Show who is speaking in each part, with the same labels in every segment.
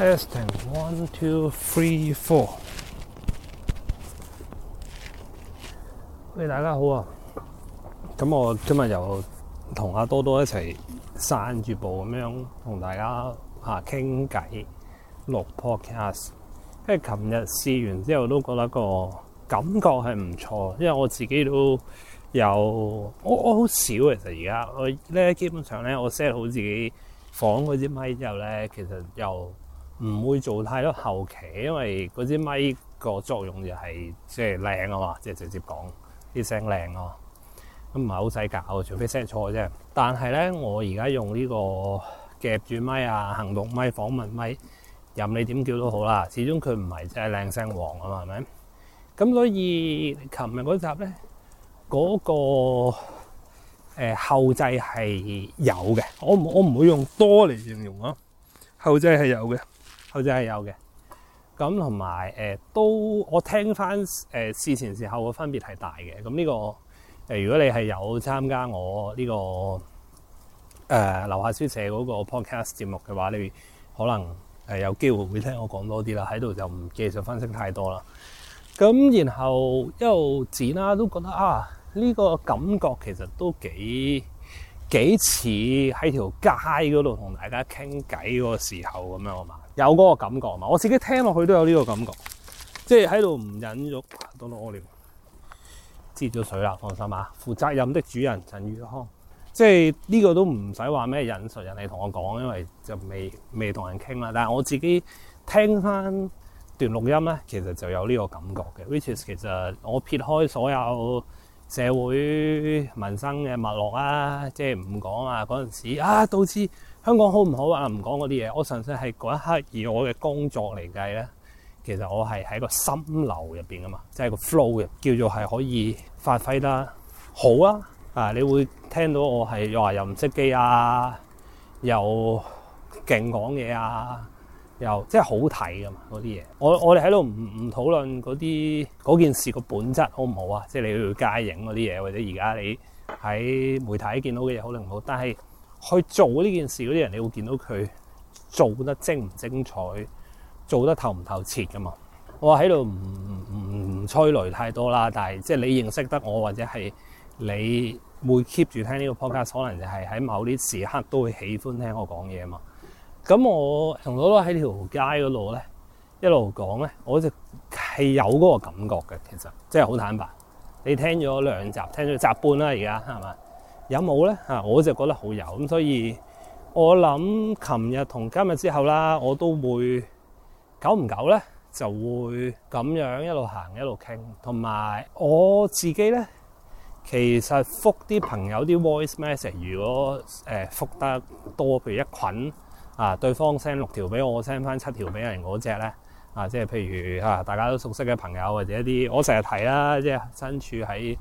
Speaker 1: one，two，three，four。喂、hey，大家好啊！咁我今日又同阿多多一齊散住步咁樣同大家啊傾偈，錄 podcast。跟住琴日試完之後，都覺得個感覺係唔錯，因為我自己都有我我好少、啊、其實而家我咧，基本上咧我 set 好自己房嗰支咪之後咧，其實又～唔會做太多後期，因為嗰支咪個作用就係、是、即係靚啊嘛，即係直接講啲聲靚嘛。咁唔係好使搞，除非 set 錯啫。但係咧，我而家用呢個夾住咪啊、行動咪、訪問咪、任你點叫都好啦。始終佢唔係真係靚聲王啊嘛，係咪？咁所以琴日嗰集咧，嗰、嗰個、呃、後製係有嘅。我我唔會用多嚟形容咯，後製係有嘅。好似係有嘅，咁同埋都我聽翻、呃、事前事後嘅分別係大嘅。咁呢個、呃、如果你係有參加我呢個誒樓、呃、下書舍嗰個 podcast 節目嘅話，你可能、呃、有機會會聽我講多啲啦。喺度就唔繼續分析太多啦。咁然後一路剪啦，都覺得啊，呢個感覺其實都幾幾似喺條街嗰度同大家傾偈嗰個時候咁樣啊嘛。有嗰個感覺嘛？我自己聽落去都有呢個感覺，即係喺度唔忍辱，都屙尿，接咗水啦。放心啊，負責任的主人陳宇康，即係呢個都唔使話咩隱瞞人哋，同我講，因為就未未同人傾啦。但係我自己聽翻段錄音咧，其實就有呢個感覺嘅。which is 其實我撇開所有社會民生嘅脈絡啊，即係唔講啊嗰陣時啊，導致。香港好唔好啊？唔講嗰啲嘢。我純粹係嗰一刻，以我嘅工作嚟計咧，其實我係喺個心流入面噶嘛，即係個 flow 入，叫做係可以發揮得好啊！啊，你會聽到我係又話又唔識機啊，又勁講嘢啊，又即係好睇噶嘛嗰啲嘢。我我哋喺度唔唔討論嗰啲嗰件事個本質好唔好啊？即係你去街影嗰啲嘢，或者而家你喺媒體見到嘅嘢好定唔好？但係。去做呢件事嗰啲人，你會見到佢做得精唔精彩，做得透唔透徹噶嘛？我話喺度唔唔唔吹雷太多啦，但係即係你認識得我，或者係你會 keep 住聽呢個 podcast，可能就係喺某啲時刻都會喜歡聽我講嘢嘛。咁我同老羅喺條街嗰度咧，一路講咧，我就係有嗰個感覺嘅。其實即係好坦白，你聽咗兩集，聽咗一集半啦，而家係嘛？有冇咧？啊，我就覺得好有咁，所以我諗，琴日同今日之後啦，我都會久唔久咧，就會咁樣一路行一路傾。同埋我自己咧，其實覆啲朋友啲 voice message，如果誒覆得多，譬如一羣啊，對方 send 六條俾我，我 send 返七條俾人嗰隻咧啊，即係譬如啊，大家都熟悉嘅朋友或者一啲，我成日提啦，即係身處喺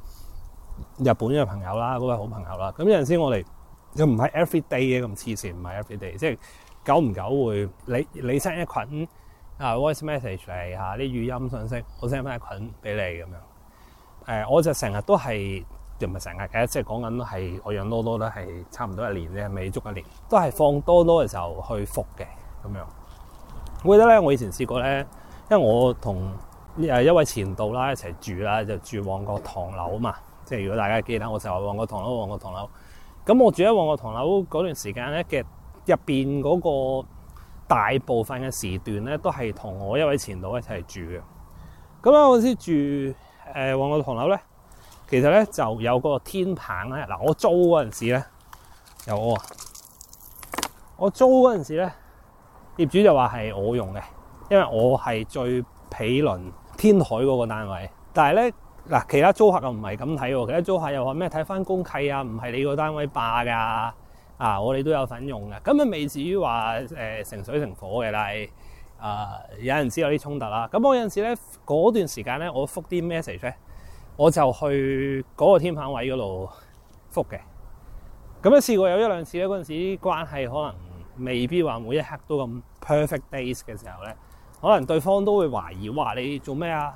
Speaker 1: 日本嘅朋友啦，嗰、嗰個好朋友啦，咁有陣時我哋又唔係 every day 嘅咁黐線，唔係 every day，即係久唔久會，你你 send 一羣啊 voice message 嚟嚇啲語音信息，我 send 翻一羣俾你咁樣。誒、呃，我就成日都係，唔係成日，嘅。即係講緊係我養多多都係差唔多一年啫，未足一年，都係放多多嘅時候去覆嘅咁樣。我記得咧，我以前試過咧，因為我同誒一位前度啦，一齊住啦，就住旺角唐樓啊嘛。即係如果大家記得，我就話旺角唐樓，旺角唐樓。咁我住喺旺角唐樓嗰段時間咧嘅入面嗰個大部分嘅時段咧，都係同我一位前度一齊住嘅。咁咧，我先住誒旺角唐樓咧，其實咧就有個天棚咧。嗱，我租嗰陣時咧，有我，我租嗰陣時咧，業主就話係我用嘅，因為我係最毗鄰天海嗰個單位，但係咧。嗱，其他租客又唔係咁睇喎，其他租客又話咩？睇翻公契啊，唔係你個單位霸噶啊！我哋都有份用嘅，咁啊未至於話誒、呃、成水成火嘅，但係啊、呃、有人知道有啲衝突啦。咁我有陣時咧，嗰段時間咧，我覆啲 message 咧，我就去嗰個天棚位嗰度覆嘅。咁一試過有一兩次咧，嗰陣時關係可能未必話每一刻都咁 perfect days 嘅時候咧，可能對方都會懷疑話你做咩啊？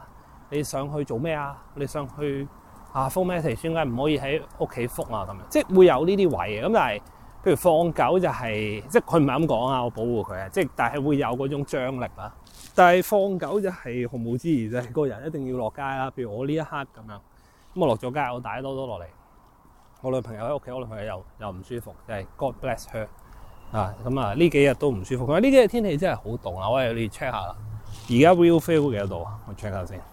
Speaker 1: 你想去做咩啊？你想去啊？覆咩嘢？點解唔可以喺屋企覆啊？咁樣即係會有呢啲位嘅。咁但係，譬如放狗就係、是，即係佢唔係咁講啊。我保護佢啊。即係但係會有嗰種張力啊。但係放狗就係毫無疑問，就係、是、個人一定要落街啦。譬如我呢一刻咁樣，咁我落咗街，我帶多多落嚟。我女朋友喺屋企，我女朋友又又唔舒服，係 God bless her 啊。咁啊，呢幾日都唔舒服。咁呢幾日天，天氣真係好凍啊！我哋要 check 下啦。而家 Will feel 幾多度啊？我 check 下先。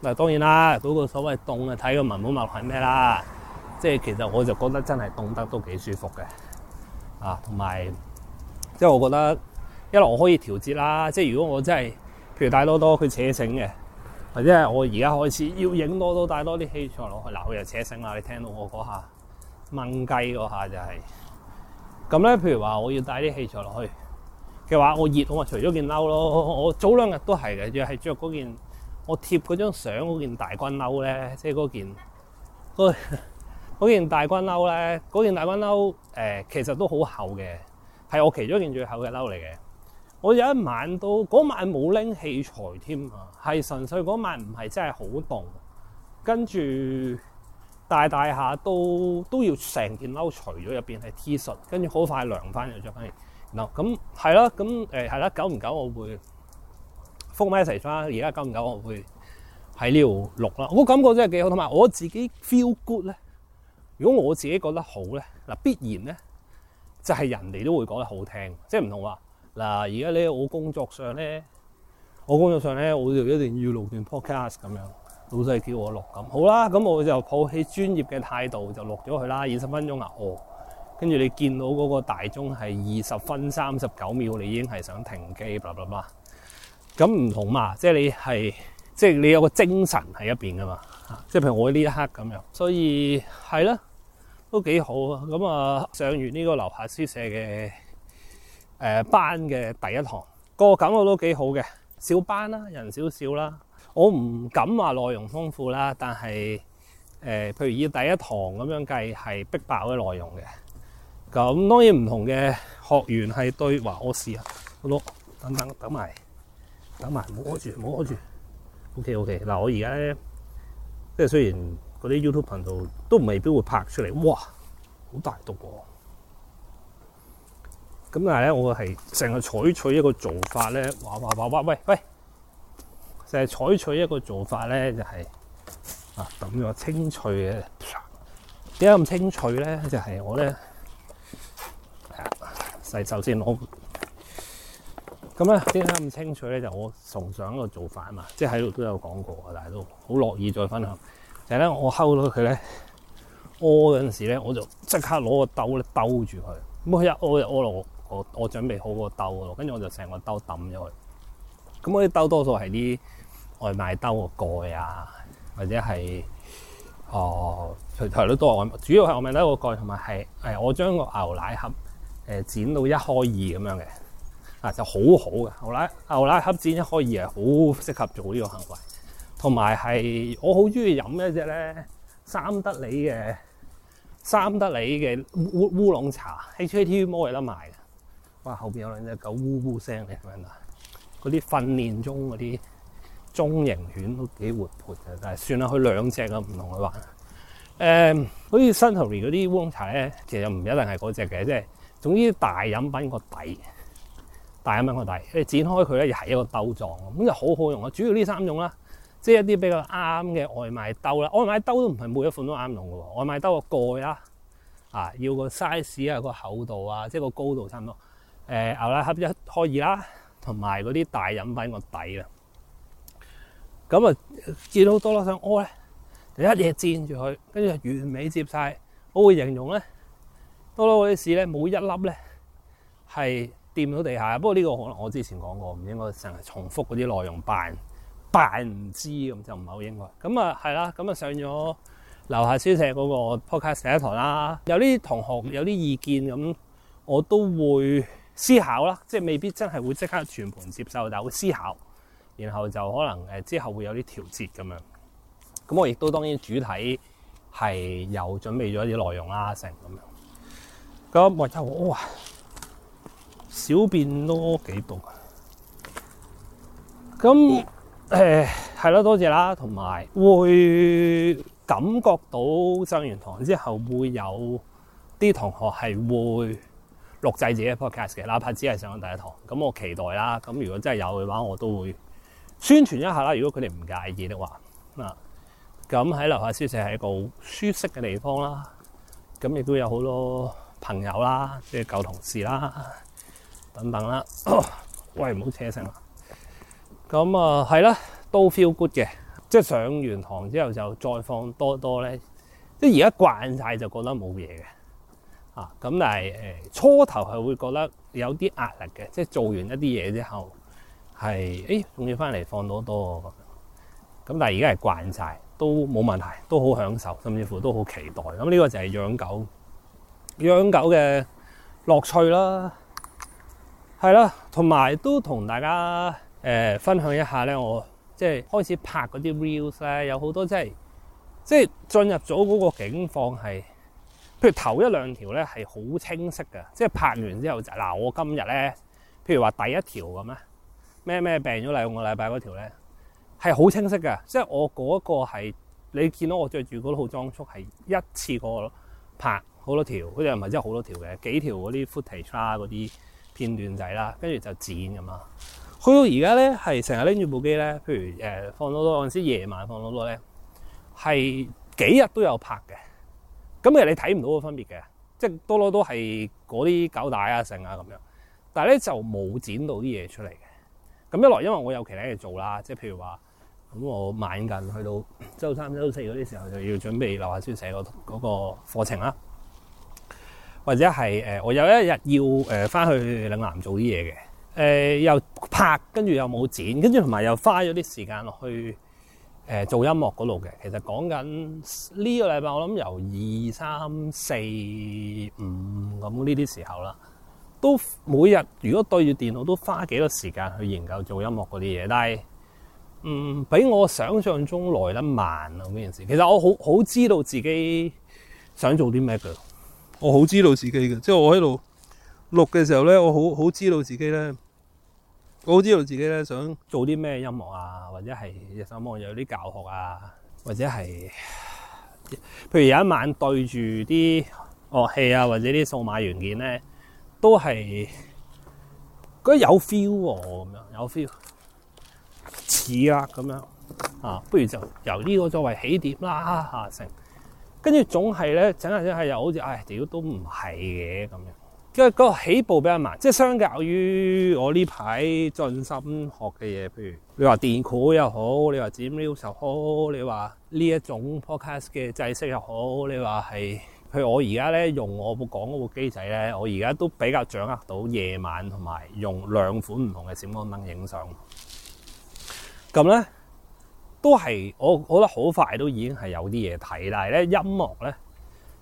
Speaker 1: 嗱，當然啦，嗰、嗰個所謂凍啊，睇個文本脈絡係咩啦？即係其實我就覺得真係凍得都幾舒服嘅，啊，同埋即係我覺得，因為我可以調節啦。即係如果我真係譬如帶多多佢扯醒嘅，或者係我而家開始要影多多帶多啲器材落去，嗱、啊、我又扯醒啦。你聽到我嗰下掹雞嗰下就係咁咧。譬如話我要帶啲器材落去嘅話，我熱我咪除咗件褸咯。我早兩日都係嘅，要係着嗰件。我貼嗰張相嗰件大軍褸咧，即係嗰件嗰件大軍褸咧，嗰件大軍褸誒、呃、其實都好厚嘅，係我其中一件最厚嘅褸嚟嘅。我有一晚都嗰晚冇拎器材添啊，係純粹嗰晚唔係真係好凍，跟住大大下都都要成件褸除咗入邊係 T 恤，跟住好快涼翻又着翻嚟嗱，咁係啦，咁誒係啦，久唔久我會。錄埋一齊啦！而家夠唔夠，我會喺呢度錄啦。我、那個、感覺真係幾好，同埋我自己 feel good 咧。如果我自己覺得好咧，嗱必然咧就係人哋都會講得好聽。即係唔同話嗱，而家咧我工作上咧，我工作上咧，我哋一定要錄段 podcast 咁樣，老細叫我錄咁好啦。咁我就抱起專業嘅態度，就錄咗佢啦。二十分鐘啊，哦，跟住你見到嗰個大鐘係二十分三十九秒，你已經係想停機，b l a 咁唔同嘛，即係你係，即係你有個精神喺一邊噶嘛，即、啊、係譬如我呢一刻咁樣，所以係啦，都幾好啊。咁啊，上完呢個樓下書社嘅誒班嘅第一堂，個感覺都幾好嘅，小班啦，人少少啦，我唔敢話內容豐富啦，但係誒、呃，譬如以第一堂咁樣計，係逼爆嘅內容嘅。咁當然唔同嘅學員係對話我試啊，好咯，等等等埋。等埋，唔好開住，唔好開住。O K，O K。嗱，我而家咧，即係雖然嗰啲 YouTube 頻道都未必會拍出嚟，哇，好大毒噃、啊。咁但係咧，我係成日採取一個做法咧，哇哇哇喂喂，成日採取一個做法咧、就係啊，就係、係、啊，等個清脆嘅。點解咁清脆咧？就係我咧，洗少先攞。咁咧啲睇咁清楚咧，就我崇尚一個做法啊嘛，即係喺度都有講過啊，但係都好樂意再分享。就係、是、咧，我 hold 到佢咧屙嗰陣時咧，我就即刻攞個兜咧兜住佢。咁佢一屙就屙落，我我準備好個兜咯，跟住我就成個兜抌咗佢。咁我啲兜多數係啲外賣兜個蓋啊，或者係哦，除佢都係外賣主要係外賣兜個蓋，同埋係我將個牛奶盒誒剪到一開二咁樣嘅。啊，就好好嘅，牛奶牛奶黑磚一開二啊，好適合做呢個行為。同埋係我好中意飲一隻咧，三德里嘅三德里嘅烏烏龍茶，HKTVmall 有得賣嘅。哇，後邊有兩隻狗嗚嗚聲嘅，咁樣啦。嗰啲訓練中嗰啲中型犬都幾活潑嘅，但係算啦，佢兩隻啊唔同佢玩。誒、呃，好似 c e n 三德里嗰啲烏龍茶咧，其實唔一定係嗰隻嘅，即係總之大飲品個底。大一蚊個底，你剪開佢咧又係一個兜狀咁，就好好用啊！主要呢三種啦，即係一啲比較啱嘅外賣兜啦。外賣兜都唔係每一款都啱用嘅喎，外賣兜個蓋啦，啊，要個 size 啊，個厚度啊，即係個高度差唔多。誒，牛奶盒一可以啦，同埋嗰啲大飲品個底啊。咁啊，見到多多，想屙咧，一嘢墊住佢，跟住就完美接晒。我會形容咧，多多嗰啲屎咧冇一粒咧係掂到地下，不過呢個可能我之前講過，唔應該成日重複嗰啲內容，扮扮唔知咁就唔係好應該。咁啊，係啦，咁啊上咗樓下宿舍嗰個 podcast 第一堂啦，有啲同學有啲意見咁，我都會思考啦，即係未必真係會即刻全盤接受，但係會思考，然後就可能誒之後會有啲調節咁樣。咁我亦都當然主題係有準備咗啲內容啦，成咁樣。咁我就哇，哇小便都幾凍啊！咁誒係咯，多謝啦。同埋會感覺到上完堂之後，會有啲同學係會錄製自己嘅 podcast 嘅，哪怕只係上緊第一堂。咁我期待啦。咁如果真係有嘅話，我都會宣傳一下啦。如果佢哋唔介意的話，嗱，咁喺樓下書社係一個好舒適嘅地方啦。咁亦都有好多朋友啦，即係舊同事啦。等等啦，哦，喂，唔好車聲啦。咁、嗯、啊，係、嗯、啦，都 feel good 嘅，即係上完堂之後就再放多多咧。即係而家慣晒就覺得冇嘢嘅，啊，咁但係誒、呃、初頭係會覺得有啲壓力嘅，即係做完一啲嘢之後係誒仲要翻嚟放多多咁。咁但係而家係慣晒，都冇問題，都好享受，甚至乎都好期待。咁呢個就係養狗，養狗嘅樂趣啦。係啦，同埋都同大家誒、呃、分享一下咧。我即係開始拍嗰啲 reels 咧，有好多即係即係進入咗嗰個境況係，譬如頭一兩條咧係好清晰嘅，即係拍完之後就嗱、啊。我今日咧，譬如話第一條咁啊，咩咩病咗兩個禮拜嗰條咧係好清晰嘅，即係我嗰個係你見到我着住嗰套裝束係一次過拍好多條，嗰啲唔係真係好多條嘅，幾條嗰啲 footage 啦，嗰啲片段仔啦，跟住就剪咁啊！去到而家咧，係成日拎住部機咧，譬如誒放多多，我嗰陣時夜晚放多多咧，係幾日都有拍嘅。咁其實你睇唔到個分別嘅，即係多多都係嗰啲狗帶啊、成啊咁樣。但係咧就冇剪到啲嘢出嚟嘅。咁一來因為我有其他嘢做啦，即係譬如話，咁我晚近去到周三、周四嗰啲時候就要準備留下書寫個嗰個課程啦。或者係、呃、我有一日要誒翻、呃、去嶺南做啲嘢嘅，誒、呃、又拍，跟住又冇剪，跟住同埋又花咗啲時間落去、呃、做音樂嗰度嘅。其實講緊呢個禮拜，我諗由二三四五咁呢啲時候啦，都每日如果對住電腦，都花幾多時間去研究做音樂嗰啲嘢。但係唔、嗯、比我想象中來得慢啊！呢件事其實我好好知道自己想做啲咩嘅。我好知道自己嘅，即係我喺度錄嘅時候咧，我好好知道自己咧，我好知道自己咧想做啲咩音樂啊，或者係日上網有啲教學啊，或者係譬如有一晚對住啲樂器啊，或者啲數碼元件咧，都係覺得有 feel 咁樣，有 feel 似啦，咁樣啊，不如就由呢個作為起點啦，吓成。跟住總係咧，整下整下又好似，唉、哎，屌都唔係嘅咁樣。跟住嗰個起步比較慢，即係相較於我呢排進心學嘅嘢，譬如你話電鼓又好，你話剪 video 又好，你話呢一種 podcast 嘅制式又好，你話係譬如我而家咧用我講嗰部機仔咧，我而家都比較掌握到夜晚同埋用兩款唔同嘅閃光燈影相。咁咧。都係我，我覺得好快都已經係有啲嘢睇，但係咧音樂咧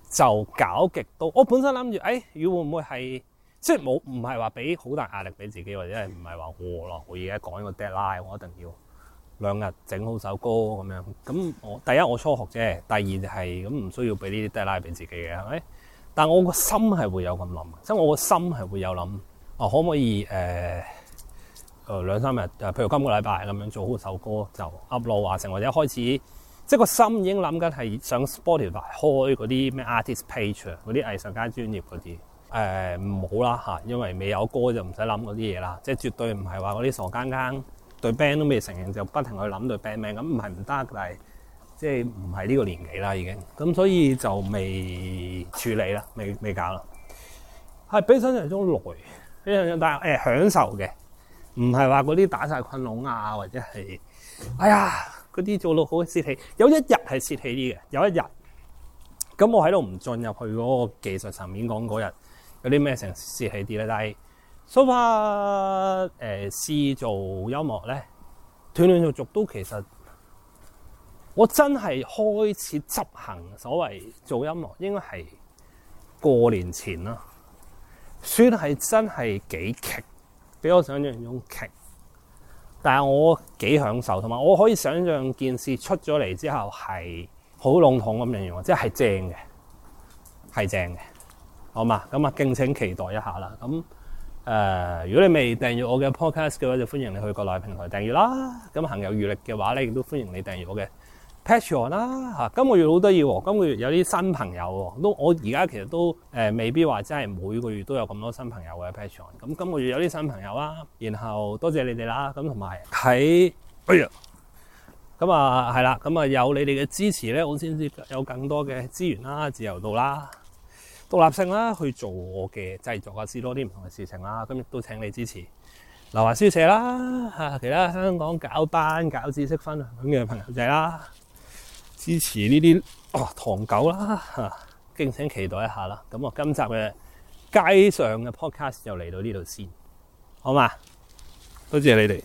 Speaker 1: 就搞極到，我本身諗住，誒、哎，會會唔會係即係冇，唔係話俾好大壓力俾自己，或者係唔係話我咯，我而家講呢個 deadline，我一定要兩日整好首歌咁樣。咁我第一我初學啫，第二就係咁唔需要俾呢啲 deadline 俾自己嘅，係咪？但係我個心係會有咁諗，即、就、係、是、我個心係會有諗，我、啊、可唔可以誒？呃誒兩三日誒，譬如今個禮拜咁樣做好首歌，就 upload 完成或者開始，即係個心已經諗緊係想 Spotify 開嗰啲咩 artist page 啊，嗰啲藝術家專業嗰啲，誒唔好啦嚇，因為未有歌就唔使諗嗰啲嘢啦，即係絕對唔係話嗰啲傻更更對 band 都未成型就不停去諗對 band 名咁，唔係唔得，但係即係唔係呢個年紀啦已經，咁所以就未處理啦，未未搞啦，係比想像中累，比想像中但係、呃、享受嘅。唔係話嗰啲打晒困窿啊，或者係，哎呀，嗰啲做到好嘅泄氣，有一日係泄氣啲嘅，有一日，咁我喺度唔進入去嗰個技術層面講嗰日有啲咩成泄氣啲咧。但係所謂誒試做音樂咧，斷斷續續都其實我真係開始執行所謂做音樂，應該係過年前咯，算係真係幾劇。俾我想象中勁，但係我幾享受，同埋我可以想象件事出咗嚟之後係好籠統咁形容，即係正嘅，係正嘅，好嘛？咁啊，敬請期待一下啦。咁誒、呃，如果你未訂閱我嘅 podcast 嘅話，就歡迎你去國內平台訂閱啦。咁行有餘力嘅話咧，亦都歡迎你訂閱我嘅。patron 啦嚇，今個月好得意喎。今個月有啲新朋友，都我而家其實都誒，未必話真係每個月都有咁多新朋友嘅 patron。咁今個月有啲新朋友啦，然後多謝你哋啦。咁同埋喺哎呀，咁啊係啦，咁、嗯、啊、嗯嗯嗯、有你哋嘅支持咧，我先至有更多嘅資源啦、自由度啦、獨立性啦去做我嘅製作啊，試多啲唔同嘅事情啦。咁亦都請你支持。劉華書寫啦嚇，其他香港搞班搞知識分享嘅朋友仔啦。支持呢啲哦唐狗啦嚇、啊，敬請期待一下啦。咁我今集嘅街上嘅 podcast 就嚟到呢度先，好嘛？多謝你哋。